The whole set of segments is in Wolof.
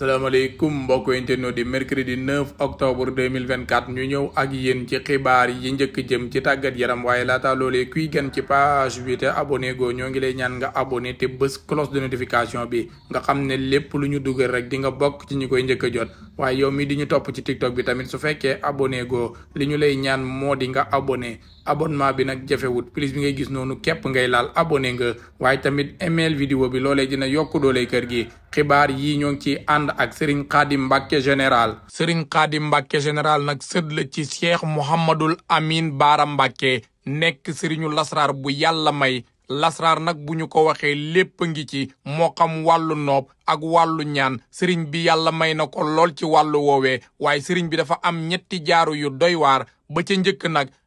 salaamaaleykum mbokk internet di mercredi 9 octobre 2024 ñu ñëw ak yéen ci xibaar yi njëkk jëm ci tàggat yaram waaye laata loolee kuy gan ci page bi te abone goo ñoo ngi lay ñaan nga abonné te bés cloche de notification bi nga xam ne lépp lu ñu dugal rek di nga bokk ci ñu koy njëkk a jot waaye yow mi di ñu topp ci tiktok bi tamit su fekkee abonné goo li ñu lay ñaan moo di nga abonné abonnement bi nag jafewut plus bi ngay gis noonu képp ngay laal abonné nga waaye tamit email vidéo bi loole loolee dina yokk doole kër gi xibaar yii ñoo ngi ciy ànd ak Serigne Khadim Mbacke général Serigne Khadim Mbacke général nag sët la ci Cheikh Mouhamadul Amin Baara Mbacke nekk Serigne Lasrar bu yàlla may. lasraar nag bu ñu ko waxee lépp ngi ci moo xam wàllu noob ak wàllu ñaan sëriñ bi yàlla may na ko lool ci wàllu woowe waaye sëriñ bi dafa am ñetti jaaru yu doy waar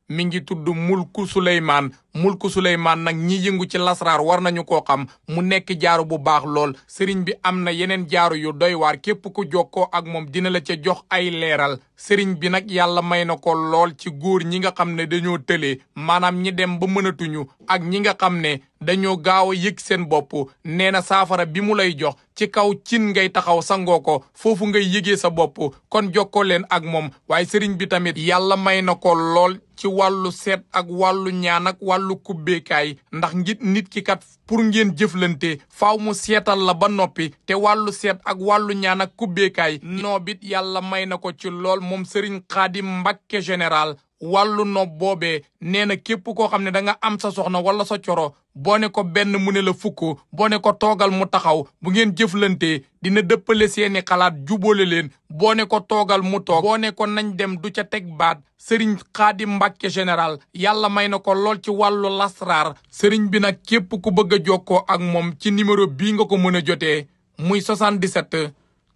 mi ngi tudd mulku suleymaan mulku suleymaan nag ñi yëngu ci lasraar war nañu koo xam mu nekk jaaru bu baax lool sëriñ bi am na yeneen jaaru yu doy waar képp ku jokkoo ak moom dina la ca jox ay leeral sëriñ bi nag yàlla may na ko lool ci góor ñi nga xam ne dañoo tëlee maanaam ñi dem ba mënatuñu ak ñi nga xam ne dañoo gaaw a yëg seen bopp nee na saafara bi mu lay jox ci kaw cin ngay taxaw sangoo ko foofu ngay yëgee sa bopp kon jokkoo leen ak moom waaye sëriñ bi tamit yàlla may na ko lool ci wàllu seet ak wàllu ñaan ak wàllu kubbeekaay ndax ngit nit ki kat pour ngeen jëflante faaw mu seetal la ba noppi te wàllu seet ak wàllu ñaan ak kubbeekaay noobit yàlla may na ko ci lool moom Serigne Khadim Mbacké général wàllu nopp boobee nee na képp koo xam ne danga am sa soxna wala sa coro boo ne ko benn mu ne la fukk boo ne ko toogal mu taxaw bu ngeen jëflante dina dëppale seeni xalaat jubóole leen boo ne ko toogal mu toog boo ne ko nañ dem du ca teg baat sëriñ Xaadim Mbàkke général yàlla may na ko lool ci wàllu lasraar sëriñ bi nag képp ku bëgg a jokkoo ak moom ci numéro bii nga ko mën a jotee muy 77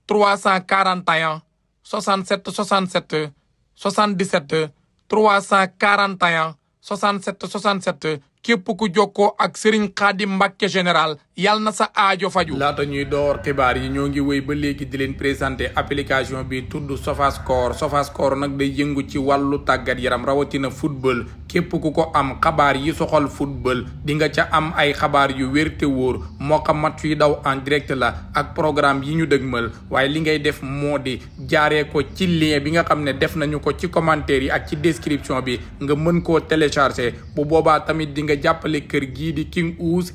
341 67 67 77 341 67 67 képp ku jokkoo ak Serigne Khadim Mbacké général yal na sa aajo faju laata ñuy door xibaar yi ñoo ngi wéy ba léegi di leen présenté application bi tudd Sofascore Sofascore nag day yëngu ci wàllu tàggat yaram rawatina football képp ku ko am xabaar yi soxal football di nga ca am ay xabaar yu wér wóor moo xam mat yi daw en direct la ak programme yi ñu dëgmal waaye li ngay def moo di jaaree ko ci lien bi nga xam ne def nañu ko ci commentaire yi ak ci description bi nga mën koo télécharger bu boobaa tamit di nga jàppale kër gii di King Ouse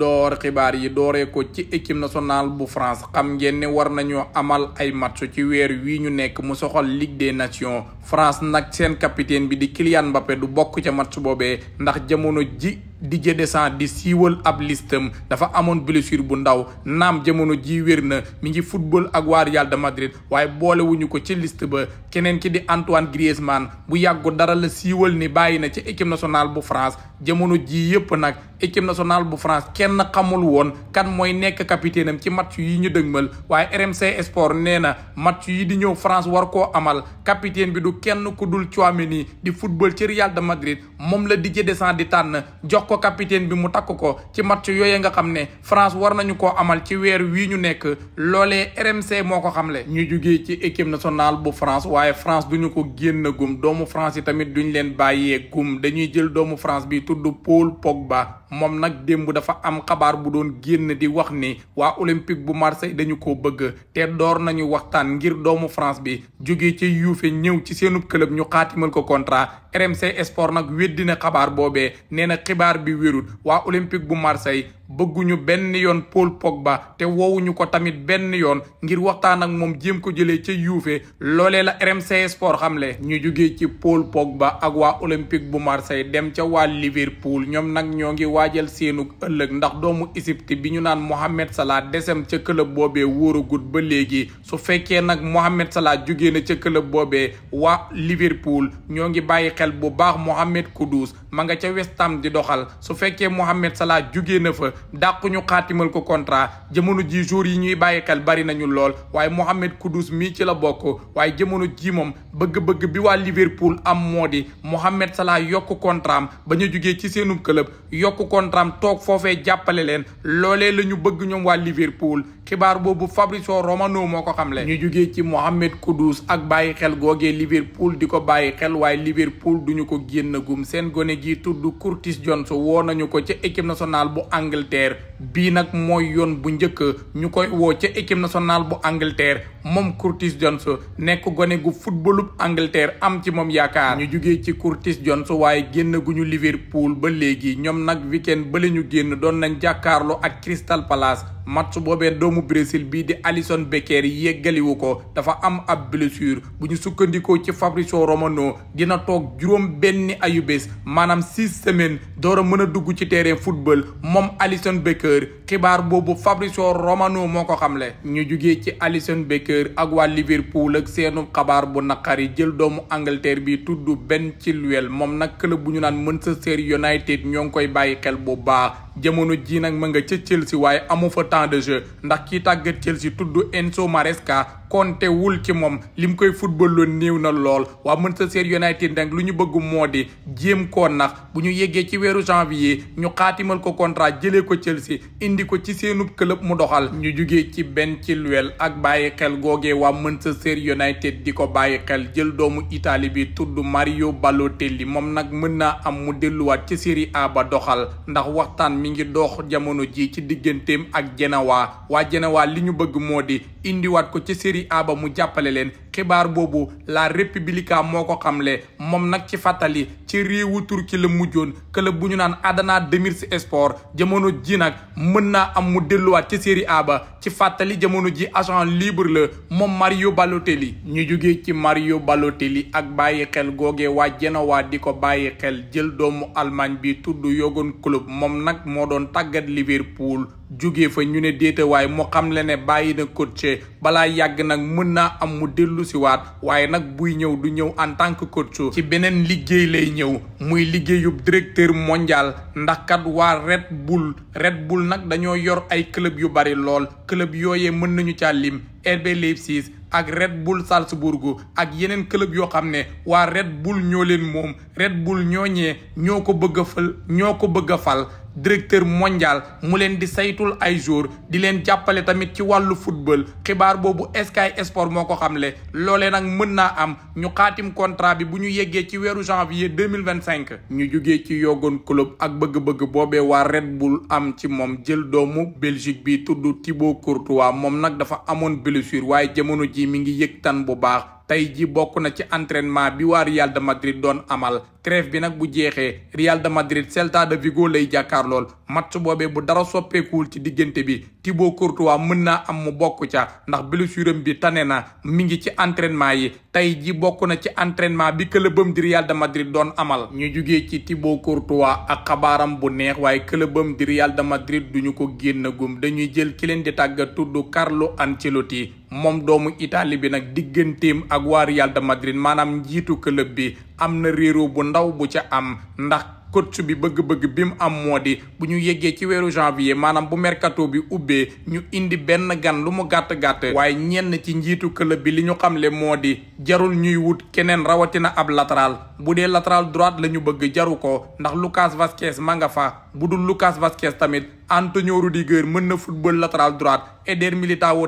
door xibaar yi dooree ko ci équipe nationale bu France xam ngeen ne war nañoo amal ay match ci weer wii ñu nekk mu soxal Ligue des Nations France nag seen capitaine bi di Kylian Mbappé du bokk ca match boobee ndax jamono ji Didier Deschamps di siiwal ab listam dafa amoon blessure bu ndaw naam jamono ji wér na mi ngi football ak waa Real de Madrid waaye boolewuñu ko ci list ba keneen ki di Antoine Griezmann bu yàggu dara la siiwal ni bàyyi na ci équipe nationale bu France jamono ji yépp nag équipe nationale bu France kenn xamul woon kan mooy nekk capitaine am ci match yi ñu dëgmal waaye RMC Sport nee na match yi di ñëw France war koo amal capitaine bi du kenn ku dul Tchouaméni di football ci Real de Madrid moom la Didier Deschamps di tànn jox ko capitaine bi mu takk ko ci match yooye nga xam ne France war nañu ko amal ci weer wii ñu nekk loolee RMC moo ko xam le ñu jugee ci équipe nationale bu France waaye France duñu ko génn gum doomu France tamit duñ leen bàyyee gum dañuy jël doomu France bi tudd Paul Pogba moom nag démb dafa am xabaar bu doon génn di wax ni waa olympique bu marseille dañu ko bëgg te door nañu waxtaan ngir doomu france bi jóge ci yuufe ñëw ci seenub club ñu xaatimal ko contrat RMC Sport nag weddi na xabaar boobee nee na xibaar bi wérul waa olympique bu marseille bëgguñu benn yoon Paul ba te wowuñu ko tamit benn yoon ngir waxtaan ak moom jéem ko jëlee ca Juve loole la RMC Sport xamle ñu jugee ci Paul ba ak waa Olympique bu Marseille dem ca waa Liverpool ñoom nag ñoo ngi waajal seenu ëllëg ndax doomu Égypte bi ñu naan Mohamed Salah desem ca club boobe wóoragut ba léegi su fekkee nag Mohamed Salah jugee na ca club boobee waa Liverpool ñoo ngi bàyyi xel bu baax Mohamed Kudus ma nga ca West Ham doxal su fekkee Mohamed Salah jugee na fa. dàquñu xaatimal ko contrat jamono ji jour yi ñuy bàyyi xel bari nañu lool waaye Mohamed Kudus mii ci la bokk waaye jamono ji moom bëgg-bëgg bi waa Liverpool am moo di Mohamed Salah yokk contrat ba ñu jugee ci seenu club yokk contrat toog foofee jàppale leen loolee la ñu bëgg ñoom waa Liverpool xibaar boobu Fabrizio Romano moo ko xamle. ñu jógee ci Mohamed Kudus ak bàyyi xel googee Liverpool di ko bàyyi xel waaye Liverpool duñu ko génn seen gone gi tudd Curtis Jones woo nañu ko ca équipe nationale bu Angleterre Angleterre bii nag mooy yoon bu njëkk ñu koy woo ca équipe nationale bu Angleterre moom Curtis Jones nekk gone gu footballu Angleterre am ci moom yaakaar ñu jugee ci Curtis Jones waaye génn gu ñu Liverpool ba léegi ñoom nag weekend ba la ñu génn doon nañ jàkkaarloo ak Crystal Palace match boobee doomu Brésil bii di alison Becker yeggaliwu ko dafa am ab blessure bu ñu sukkandikoo ci Fabrizio Romano dina toog juróom benni ayubés maanaam six semaines door a mën a dugg ci terrain football moom Alisson Becker xibaar boobu Fabrizio Romano moo ko xamle ñu jugee ci Alisson Becker ak waa Liverpool ak seenu xabaar bu naqari jël doomu Angleterre bi tudd ci Chilwell moom nag club bu ñu naan Manchester United ñoo ngi koy bàyyi xel bu baax jamono ji nag ma nga ca Chelsea waaye amu fa temps de jeu ndax kii tàggat Chelsea tudd Enzo Maresca konte wul ci moom lim koy football loon néew na lool waa mën Manchester United nag lu ñu bëgg moo di jéem koo nax bu ñu yeggee ci weeru janvier ñu xaatimal ko contrat jëlee ko Chelsea indi indi ko ci seenub club mu doxal ñu jugee ci benn ci Chilwell ak bàyyi xel googe waa mën Manchester United di ko bàyyi xel jël doomu Italie bi tudd Mario Balotelli moom nag mën naa am mu delluwaat ci Serie A ba doxal ndax waxtaan mi ngi dox jamono ji ci digganteem ak Genoa waa Genoa li ñu bëgg moo di indiwaat ko ci Serie A ba mu jàppale leen xibaar boobu la républica moo ko xamle moom nag ci fàttali ci réewu turki la mujjoon club bu ñu naan Adana Demirspor jamono ji nag mën naa am mu delluwaat ci Serie A ci fàttali jamono ji agent libre la moom Mario Balotelli ñu jógee ci Mario Balotelli ak bàyyi xel googe waa Genoa di ko bàyyi xel jël doomu almaañ bi tudd Jürgen Klopp moom nag moo doon tàggat Liverpool jóge fa ñu ne déeta waaye mu xam le ne bàyyi na coach balaa yàgg nag mën naa am mu dellu waat waaye nag buy ñëw du ñëw en tant que coach ci beneen liggéey lay ñëw muy liggéeyub directeur mondial ndax kat waa Red bul Red bul nag dañoo yor ay club yu bari lool club yooyee mën nañu caa lim RB Leipzig ak Red Bull Salzburg ak yeneen club yoo xam ne waa Red Bull ñoo leen moom Red ñoo ñooñee ñoo ko bëgg a ñoo ko bëgg a fal directeur mondial mu leen di saytul ay jour di leen jàppale tamit ci wàllu football xibaar boobu Sky Sport moo ko xam xamle loolee nag mën naa am ñu xaatim contrat bi bu ñu yeggee ci weeru janvier deux mille vingt cinq ñu jógee ci yogoon club ak bëgg-bëgg boobe waa Red bul am ci moom jël doomu Belgique bi tudd Thibaut Courtois moom nag dafa amoon blessure waaye jamono ji mi ngi yëg tan bu baax tey ji bokk na ci entraînement bi waar yàlla de Madrid doon amal trêve bi nag bu jeexee Real de Madrid Celta de Vigo lay jàkkaarlool match boobee bu dara soppeekuwul ci diggante bi Thibaut Courtois mën naa am mu bokk ca ndax blessure bi tane na mi ngi ci entraînement yi tey ji bokk na ci entrainement bi këlëbam di Real de Madrid doon amal ñu jugee ci Thibaut Courtois ak xabaaram bu neex waaye këlëbam di Real de Madrid duñu ko génn gum dañuy jël ki leen di tàgga tudd Carlo Ancelotti moom doomu Italie bi nag digganteem ak waa Real de maanaam njiitu club bi am na réeróo bu ndaw bu ca am ndax coach bi bëgg-bëgg bi mu am moo di bu ñu yeggee ci weeru janvier maanaam bu mercato bi ubbee ñu indi benn gan lu mu gàtt-gàtt waaye ñenn ci njiitu club bi li ñu xamle moo di jarul ñuy wut keneen rawatina ab latéral bu dee latéral droite la ñu bëgg jaru ko ndax Lucas Vazquez ma nga fa bu dul Lucas Vazquez tamit Antonio Rudiger mën na football latéral droite Eder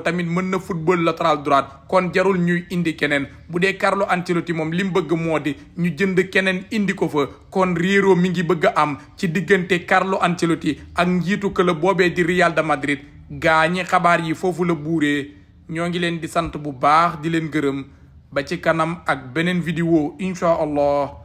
tamit mën na football latéral droite kon jarul ñuy indi keneen bu dee Carlo Ancelotti moom li bëgg moo di ñu jënd keneen indi ko fa kon réeroo mi ngi bëgg am ci diggante Carlo Ancelotti ak njiitu club boobee di Real de Madrid gaa ñi xabaar yi foofu la buuree ñoo ngi leen di sant bu baax di leen gërëm ba ci kanam ak beneen vidéo incha allah